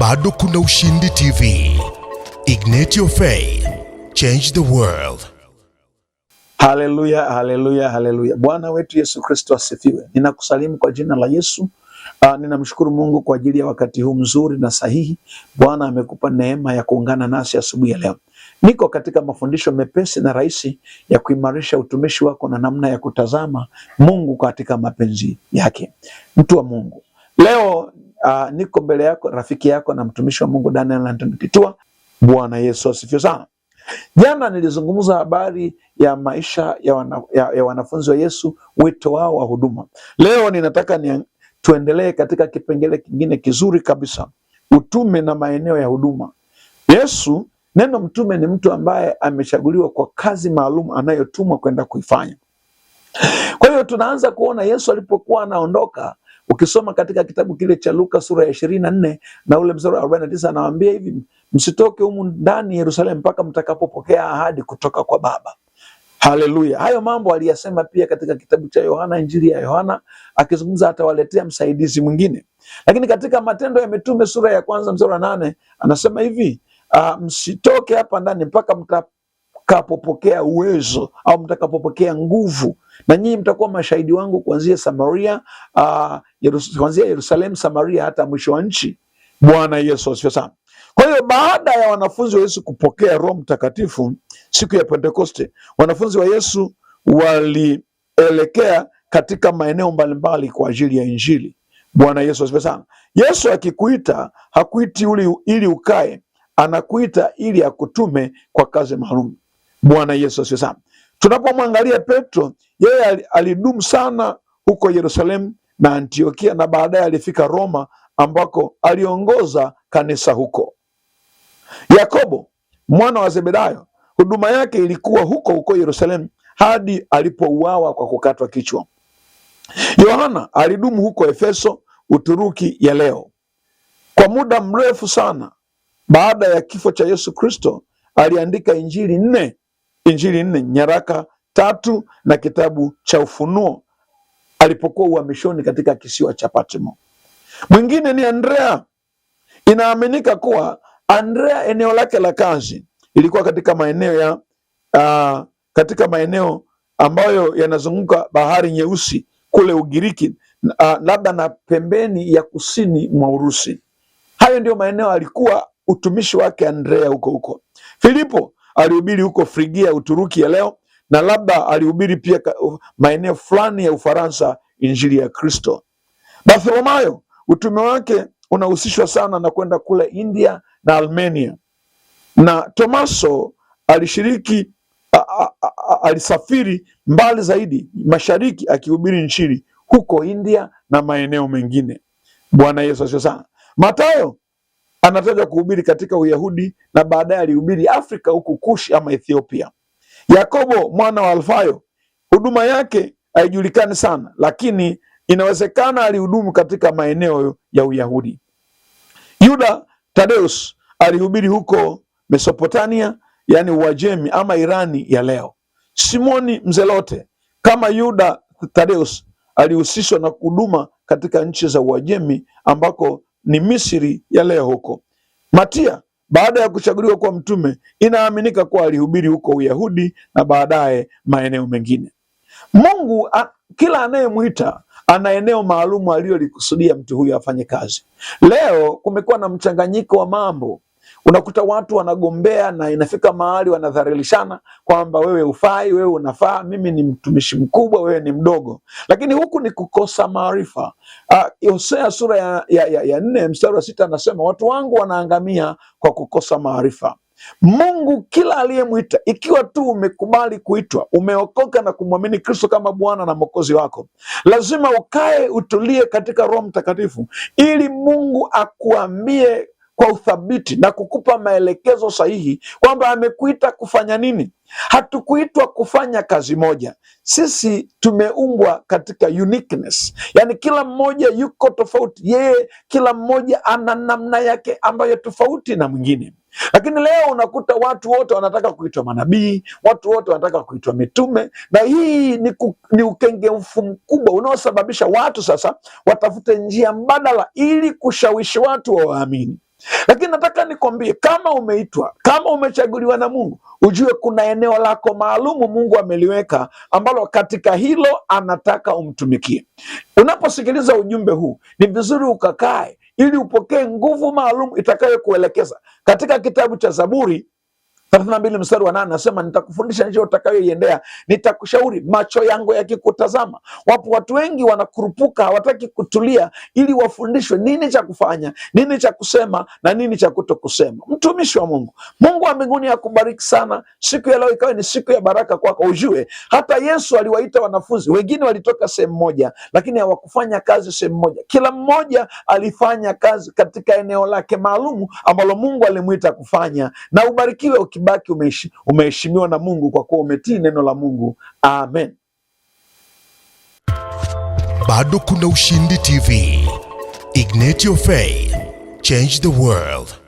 bado kuna ushindi TV. Ignite your faith, change the world. Haleluya, haleluya, haleluya! Bwana wetu Yesu Kristo asifiwe. Ninakusalimu kwa jina la Yesu. Uh, ninamshukuru Mungu kwa ajili ya wakati huu mzuri na sahihi. Bwana amekupa neema ya kuungana nasi asubuhi ya leo. Niko katika mafundisho mepesi na rahisi ya kuimarisha utumishi wako na namna ya kutazama Mungu katika mapenzi yake. Mtu wa Mungu, leo Uh, niko mbele yako rafiki yako na mtumishi wa Mungu Daniel Anton Kitua. Bwana Yesu asifiwe sana. Jana nilizungumza habari ya maisha ya, wana, ya, ya wanafunzi wa Yesu, wito wao wa huduma. Leo ninataka ni tuendelee katika kipengele kingine kizuri kabisa, utume na maeneo ya huduma. Yesu, neno mtume ni mtu ambaye amechaguliwa kwa kazi maalum anayotumwa kwenda kuifanya. Kwa hiyo tunaanza kuona Yesu alipokuwa anaondoka Ukisoma katika kitabu kile cha Luka sura ya ishirini na nne na ule mstari wa arobaini na tisa anawaambia hivi, msitoke humu ndani Yerusalemu mpaka mtakapopokea ahadi kutoka kwa Baba. Haleluya! Hayo mambo aliyasema pia katika kitabu cha Yohana, injili ya Yohana, akizungumza atawaletea msaidizi mwingine. Lakini katika Matendo ya Mitume sura ya kwanza mstari wa nane anasema hivi, uh, msitoke hapa ndani mpaka mta mtakapopokea uwezo au mtakapopokea nguvu, na nyinyi mtakuwa mashahidi wangu kuanzia Samaria, uh, kuanzia Yerusalemu, Samaria, hata mwisho wa nchi. Bwana Yesu asifiwe sana. Kwa hiyo baada ya wanafunzi wa Yesu kupokea Roho Mtakatifu siku ya Pentekoste, wanafunzi wa Yesu walielekea katika maeneo mbalimbali kwa ajili ya Injili. Bwana Yesu asifiwe sana. Yesu akikuita hakuiti ili ukae, anakuita ili akutume kwa kazi maalum. Bwana Yesu asio sana. Tunapomwangalia Petro, yeye alidumu sana huko Yerusalemu na Antiokia na baadaye alifika Roma ambako aliongoza kanisa huko. Yakobo mwana wa Zebedayo, huduma yake ilikuwa huko huko Yerusalemu hadi alipouawa kwa kukatwa kichwa. Yohana alidumu huko Efeso, Uturuki ya leo, kwa muda mrefu sana. Baada ya kifo cha Yesu Kristo aliandika Injili nne Injili nne, nyaraka tatu na kitabu cha Ufunuo alipokuwa uhamishoni katika kisiwa cha Patmo. Mwingine ni Andrea. Inaaminika kuwa Andrea eneo lake la kazi ilikuwa katika maeneo ya uh, katika maeneo ambayo yanazunguka bahari nyeusi kule Ugiriki, uh, labda na pembeni ya kusini mwa Urusi. Hayo ndio maeneo alikuwa utumishi wake Andrea huko huko. Filipo alihubiri huko Frigia Uturuki ya leo, na labda alihubiri pia uh, maeneo fulani ya Ufaransa injili ya Kristo. Bartholomayo utume wake unahusishwa sana na kwenda kule India na Armenia, na Tomaso alishiriki a, a, a, alisafiri mbali zaidi mashariki akihubiri injili huko India na maeneo mengine. Bwana Yesu asifiwe sana. Matayo anatajwa kuhubiri katika Uyahudi na baadaye alihubiri Afrika huku Kush ama Ethiopia. Yakobo mwana wa Alfayo, huduma yake haijulikani sana, lakini inawezekana alihudumu katika maeneo ya Uyahudi. Yuda Tadeus alihubiri huko Mesopotamia, yaani Uajemi ama Irani ya leo. Simoni Mzelote kama Yuda Tadeus alihusishwa na huduma katika nchi za Uajemi ambako ni Misri ya leo huko. Matia baada ya kuchaguliwa kuwa mtume, inaaminika kuwa alihubiri huko Uyahudi na baadaye maeneo mengine. Mungu a, kila anayemwita ana eneo maalumu aliyolikusudia mtu huyo afanye kazi. Leo kumekuwa na mchanganyiko wa mambo Unakuta watu wanagombea na inafika mahali wanadharilishana kwamba wewe ufai, wewe unafaa, mimi ni mtumishi mkubwa, wewe ni mdogo, lakini huku ni kukosa maarifa. Ah, Hosea uh, sura ya, ya, ya, ya nne mstari wa sita anasema watu wangu wanaangamia kwa kukosa maarifa. Mungu kila aliyemwita, ikiwa tu umekubali kuitwa, umeokoka na kumwamini Kristo kama Bwana na Mwokozi wako, lazima ukae utulie katika Roho Mtakatifu ili Mungu akuambie kwa uthabiti na kukupa maelekezo sahihi kwamba amekuita kufanya nini. Hatukuitwa kufanya kazi moja, sisi tumeumbwa katika uniqueness, yani kila mmoja yuko tofauti. Yeye kila mmoja ana namna yake ambayo tofauti na mwingine. Lakini leo unakuta watu wote wanataka kuitwa manabii, watu wote wanataka kuitwa mitume, na hii ni, ku, ni ukengeufu mkubwa unaosababisha watu sasa watafute njia mbadala ili kushawishi watu wawaamini. Lakini nataka nikwambie, kama umeitwa, kama umechaguliwa na Mungu, ujue kuna eneo lako maalumu Mungu ameliweka ambalo katika hilo anataka umtumikie. Unaposikiliza ujumbe huu, ni vizuri ukakae ili upokee nguvu maalum itakayokuelekeza katika kitabu cha Zaburi 32 mstari wa 8 anasema nitakufundisha njia utakayoiendea, nitakushauri, macho yangu yakikutazama. Wapo watu wengi wanakurupuka, hawataki kutulia ili wafundishwe nini cha kufanya, nini cha kusema na nini cha kutokusema. Mtumishi wa Mungu, Mungu wa mbinguni akubariki sana siku ya leo, ikawe ni siku ya baraka kwako. Ujue hata Yesu aliwaita wanafunzi, wengine walitoka sehemu moja, lakini hawakufanya kazi sehemu moja. Kila mmoja alifanya kazi katika eneo lake maalumu ambalo Mungu alimuita kufanya. Na ubarikiwe ukibaki umeheshimiwa na Mungu kwa kuwa umetii neno la Mungu. Amen. Bado kuna Ushindi TV, ignite your faith, change the world.